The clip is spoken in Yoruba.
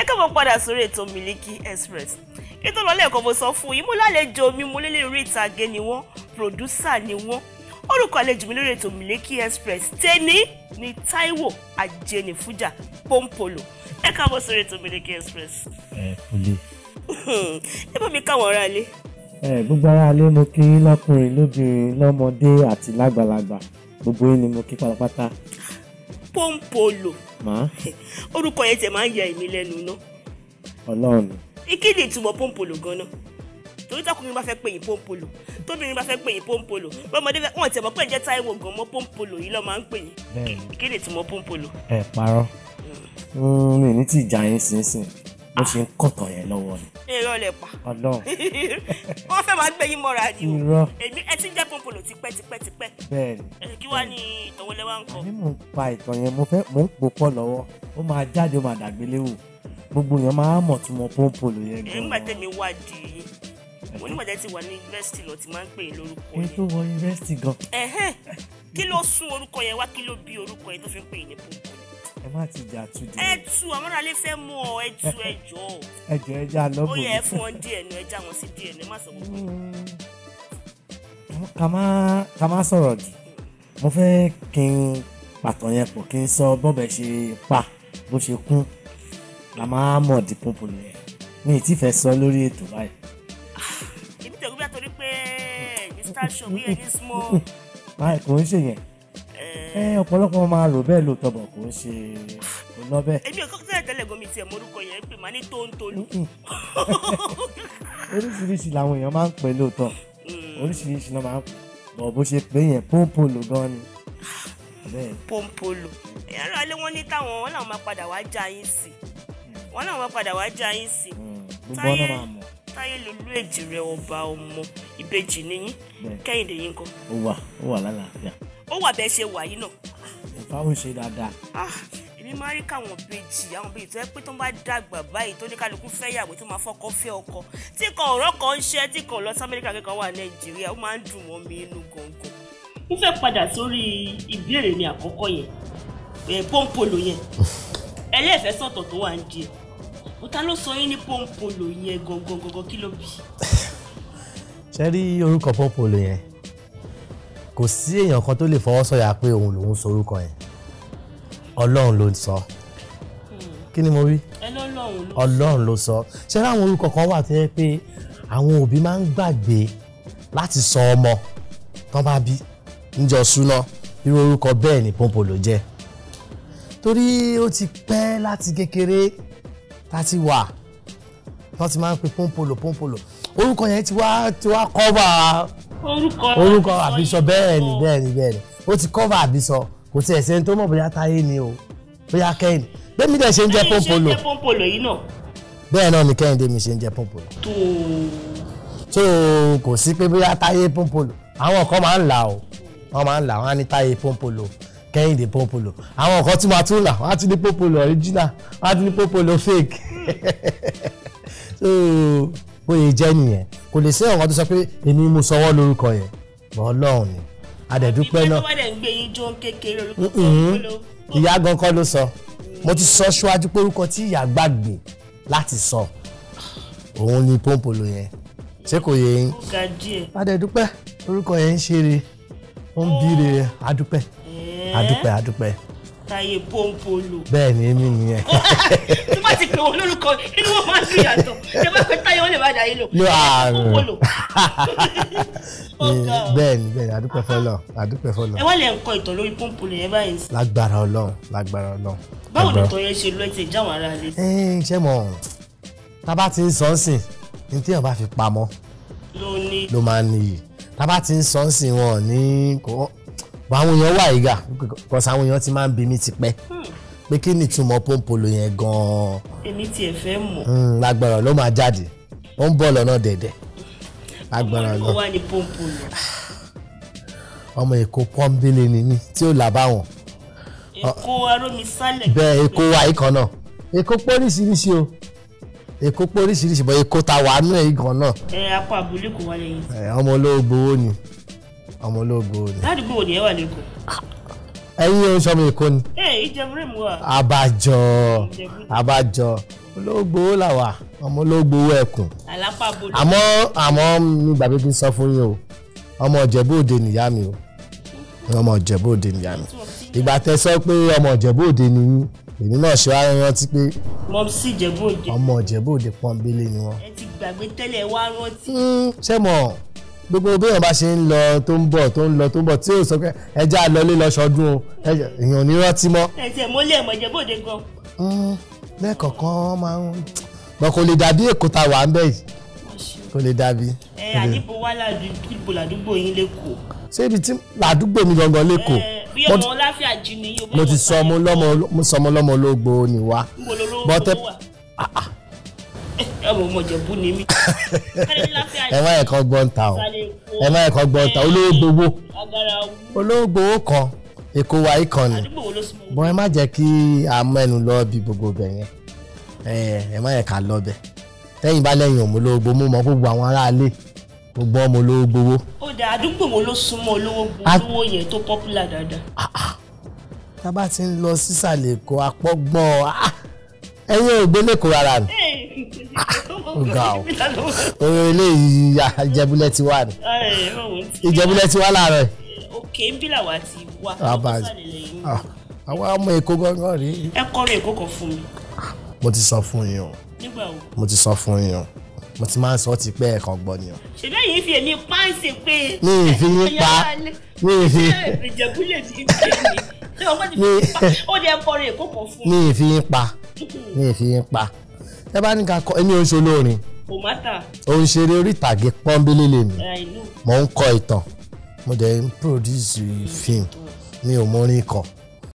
ẹ kẹ́ mo padà sórí ètò Miliki Express kí tó lọ lẹ́ẹ̀kan mo sọ fún yín mo lálejò mi mo lélẹ̀ orí ìtàgé ni wọ́n pòdúsà ni wọ́n orúkọ àlejò mi lórí ètò Miliki Express tẹ́ni ni Táíwò Ajénifújà Pọ́ńpọ́lò ẹ ká bọ̀ sórí ètò Miliki Express. ẹ kúlẹ̀. ẹ bá mi káwọn ará ilé. ẹ gbogbo ará ilé mo kí lọkùnrin lóbìnrin lọmọdé àti lágbàlagbà gbogbo yín ni mo kí pátápátá pòǹpòlò orúkọ yẹn tẹ̀ máa ń ya èmi lẹ́nu ná. ọlọ́run ni. kí ni ìtumọ̀ pòǹpòlò gan-an torí tọkùnrin bá fẹ́ pè yín pòǹpòlò tóbìnrin bá fẹ́ pè yín pòǹpòlò bọ́mọdé wọn tẹ̀ mọ́ pé ǹjẹ́ táìwò gan mọ́ pòǹpòlò yìí lọ́ọ́ máa ń pè yín kí ni ìtumọ̀ pòǹpòlò. ẹ parọ́ mm. Mm, mi ní tí ìjà yín sínsìn mo ṣe ń kọ̀tọ̀ yẹn lọ́wọ́ ni. irọ́ lẹ pa Ọlọ́run wọ́n fẹ́ máa gbé yín mọ́ra ni o irọ́ èmi ẹ ti ń jẹ́ pọ́npọ́lọ́ tipẹ́ tipẹ́ tipẹ́ bẹ́ẹ̀ni kí wàá ní ìtàn wọlé wa ń kọ. èmi mò ń pa ìtàn yẹn mo fẹ́ mò ń pò pọ̀ lọ́wọ́ ó máa jáde ó máa dàgbéléwò gbogbo yẹn máa mọ̀ tí mo pọ́npọ́lọ́ yẹn gan-an. nígbà tẹ̀mí wá di onígbàjẹ́ ti wà ní yunifásitì lọ ti máa ń pè é lórúkọ yẹn ẹ má ti jà tu di. ẹ tu àwọn aráalé fẹ́ mú ọ ẹ tu ẹ jọ. ẹ jọ ẹ já lọ́bù. ó yẹ ẹ fún wọn díẹ̀ nu ẹ já wọn sí díẹ̀ nu ẹ má sọ gbogbo. Hmm. ká má sọ̀rọ̀ jù mo fẹ́ kí n pàtàn yẹn pọ̀ kí n sọ bọ́bẹ̀ ṣe pa bó ṣe kún la máa mọ̀ di pọ́pọ́ nìyẹn mi ì tí fẹ́ sọ lórí ètò báyìí. èmi ah, tẹ̀gbẹ́ torí pé mr show bí ẹni small. báyìí kò ń ṣèyẹn ẹ eh, ọ̀pọ̀lọpọ̀ máa lò bẹ́ẹ̀ lò tọ̀bọ̀ kò ń ṣe iná bẹ́ẹ̀. èmi ò kọ́kọ́ tẹ́lẹ̀ tẹ́lẹ̀ gomi tiẹ̀ morúkọ yẹn pè máa ní tóńtólú. oríṣiríṣi làwọn èèyàn máa ń pè lóòótọ́ mm. oríṣiríṣi náà máa ń bọ̀ bó ṣe pé yẹn pọ́ńpọ́lù gan ni. pọ́ńpọ́lù ẹ̀rọ alẹ́ wọn ní táwọn wọn làwọn máa padà wá já yín sí wọn làwọn máa padà wá já yín sí. Mm, gbogbo ọ̀nà táyé lulú èjì rẹ ọba ọmọ ìbejì nìyí kẹ́hìndé yín kọ́. ó wà ó wà lálàáfíà ó wà bẹ́ẹ̀ ṣe wà yìí náà. ẹ̀fọ́ àwọn ṣe dáadáa. Ah, èmi máa rí káwọn bèjì àwọn bèjì tó yẹ pé tó ń bá dàgbà báyìí tó ní kálukú fẹ́ yàwó tó máa fọ́kọ́ fẹ́ ọkọ tí kan ọ̀rọ̀ kan ń ṣe tí kan lọ sí amẹ́ríkà kẹ́kọ̀ọ́ wà nàìjíríà ó máa ń dùn mọ́ mi inú gangan. mo fẹ́ padà sórí ìbéèrè mi àkọ́kọ́ yẹn pọ́ńpọ́lò yẹn ẹlẹ́ẹ̀fẹ́ sọ̀tọ̀ tó wà ń di ẹ̀ mo ta ló sọ yín ní pọ́ńpọ́lò yẹn gangan gangan kí ló bì. ṣe rí orúkọ pọ́ńpọ́lò yẹn kò sí èèyàn kan tó lè fọwọ́ sọ̀yà pé òun lòun sorúkọ yẹn ọlọ́run ló sọ hmm. kí ni mo wí ọlọ́run ló sọ ṣé láwọn orúkọ kan wà tó yẹ pé àwọn òbí máa ń gbàgbé láti sọ ọmọ tán bá bí níjọ súná irú orúkọ bẹ́ẹ̀ ni pọ́npọ́ ló jẹ́ torí ó ti pẹ́ láti kékeré láti wà wọ́n ti máa ń pe pọ́npọ́lò pọ́npọ́lò orúkọ yẹn ti wá ti wá cover orúkọ orúkọ àbísọ bẹ́ẹ̀ ni bẹ́ẹ̀ ni bẹ́ẹ̀ ni ó ti cover àbísọ kò sí ẹ̀sẹ̀ tó mọ̀ bóyá táyé ni o bóyá kẹ́hìn bẹ́ẹ̀ mi dẹ̀ ṣe ń jẹ́ pọ́ńpọ́lò bẹ́ẹ̀ náà ni kẹ́hìndé mi ṣe ń jẹ́ pọ́ńpọ́lò tó kò sí pé bóyá táyé pọ́ńpọ́lò àwọn kan máa ń là o wọ́n máa ń là wọ́n á ní táyé pọ́ńpọ́lò kẹ́hìndé pọ́ńpọ́lò àwọn kan tí wọ́n á tún là wọ́n á tún ní pọ́ńpọ́lò original wọ́n á tún ní pọ́ńpọ́lò fake. ó lè jẹ́ nìyẹn kò lè sí ọ̀rọ̀ tó sọ pé èmi mo sọwọ́ lórúkọ yẹn mọ́ ọlọ́run ni adẹ̀dúpẹ́ náà. ìgbẹ́ tó wà dẹ̀ gbé yín jó ń kékeré olórúkọ olórúkọ. ìyá gan kọ́ ló sọ mo ti sọ ṣíwájú pé orúkọ tí ìyá gbàgbé láti sọ òun ni pọ́ńpọ́lọ yẹn ṣé kò yẹ yín. ó ga díẹ̀. adẹ̀dúpẹ́ orúkọ yẹn ń ṣeré ó ń bíire adúpẹ́ adúpẹ́ adúpẹ́ táyé pọ́ńpọ́lò. bẹ́ẹ̀ ni èmi nìyẹn. tí wọ́n ti pè wọ́n lórúkọ inú wọn máa ń dùn yàtọ̀ ṣé wọ́n pe táyé wọn lè máa dàyé lò. ló àrùn bẹ́ẹ̀ ni bẹ́ẹ̀ ni adúpẹ́ fọlọ́ adúpẹ́ fọlọ́. ẹ wọ́n lè kọ ìtàn lórí pọ́ńpọ́lò yẹn báyìí. lágbára Ọlọ́run lágbára Ọlọ́run. báwo ni ìtàn ṣe lọ ẹsẹ̀ jáwọn ará rẹ. ẹ ẹ ṣé mo tá a bá ti ń sọ ńsìn ní tí èèyàn bá fi pamọ́ ló máa ń níyì tá bá ti ń sọ ńsìn wọn ní bọ àwọn èèyàn wà ìgà because àwọn èèyàn ti máa ń bi mí tipẹ́ hmm. pé kí ni ìtumọ̀ pọ́ńpọ́lọ yẹn gan-an. èmi tiẹ̀ fẹ́ mọ̀. agbára hmm, ló máa jáde ó ń bọ̀ lọ́nà dẹ̀dẹ̀ agbára lọ. ọmọ wa ni pọ́ńpọ́lọ. ọmọ èkó pọ́ńbélé ni mí tí ó là báwọn. èkó arómi sálẹ̀. bẹ́ẹ̀ èkó wa ikàn náà èkó pọ́ o èkó pọ́ oríṣiríṣi bọ́ èkó ta wà á nú ẹ̀ ikàn náà. ẹ apá abúlé kò wá ọmọ ológo ni. ládùúgbò wo ni ẹ wà lẹ́kọ̀ọ́. ẹyin ẹ ń sọmọ èkó ni. ẹ ìjẹbúrẹ́mù wà. àbàjọ àbàjọ ológo làwà ọmọ ológo ẹkùn. àlápàbò. àmọ́ àmọ́ mi gbàgbé kí n sọ fún yín o ọmọ ìjẹ̀bú òde nìyá mi o ọmọ ìjẹ̀bú òde nìyá mi ìgbà tẹ sọ pé ọmọ ìjẹ̀bú òde ni yín èmi náà ṣe wá rántí pé. mọ sí ìjẹ̀bú òde. ọmọ ìjẹ̀bú òde pọ́nbélé ni wọ́n. ẹ ti gbàgbé tẹ́lẹ̀ wá rántí. Hmm, ṣé mo gbogbo bí èèyàn bá ṣe ń lọ tó ń bọ̀ tó ń lọ tó ń bọ̀ tí yóò sọ pé ẹja lọlé lọ́sọdún o èèyàn ní rántí mọ́. ẹsẹ̀ mo lé ẹ̀mọ̀ jẹ́ bóde gan. Hmm, lẹ́ẹ̀kọ̀ọ̀kan máa ń bọ̀ kò lè dàbí èkó ta wà ń bẹ̀ yìí kò lè dàbí. ẹ àdìbò wà ládùúgbò ládùúgbò yín lẹ́kọ̀ọ́. ṣé ibi tí ládùúgbò mi gangan lẹ́kọ̀ọ́. bí ọmọ ọláfíà jí ni yóò bọ́ mo ti sọ ọmọ lọ́mọ ológbò ni wá ọmọ ọmọjẹ̀bú ni mí. ẹ má yẹ kán gbọ́n ta o ẹ má yẹ kán gbọ́n ta olówó gbowó olówó gbowó kan èkó wa ìkànnì bọ́n ẹ má jẹ́ kí amẹ́nu lọ bí gbogbo bẹ̀ yẹn ẹ má yẹ ká lọ bẹ̀ tẹ́yìn bá lẹ́yìn òun olówó gbowó mọ́ gbogbo àwọn aráalé gbogbo ọmọ olówó gbowó. ó dà àdúgbò wo ló súnmọ́ olówó gbowó yẹn tó popular dáadáa. Ah, ah. tá a bá ti ń lọ sísàlẹ̀ èkó àpọ́gbọ́n ah, ẹ̀yin ò lẹ́kọ̀ọ́ rárá ni ọgá o oore eléyìí ìjẹbúlẹ̀ ti wà ní ìjẹbúlẹ̀ ti wà láàárọ̀ òkè ń bílà wá ti wá ah, àwọn ọmọ èkó gángan rí. ẹ kọrin èkó kan fún mi. mo ti sọ fún yín o. nígbà wo. mo ti sọ fún yín o mo ti máa ń sọ ti pẹ́ ẹ̀kan gbọ́ ni o. ṣẹlẹ̀ yìí fi èmi pa ń ṣe pé. mi ì fi yín pa mi ì fi. ìjẹ̀búlẹ̀ ti ń pè ó jẹ́ kọrin èkó kan fún mi. mi ì fi yín pa mi ì fi yín pa ẹ bá ní ká kọ ẹni oṣù olórin. kò má tà. òun ṣeré orí ìtàgé pọ́nbélé lèmi mò ń kọ ìtàn mo dẹ̀ ń produce film mi ò mọ orin kọ.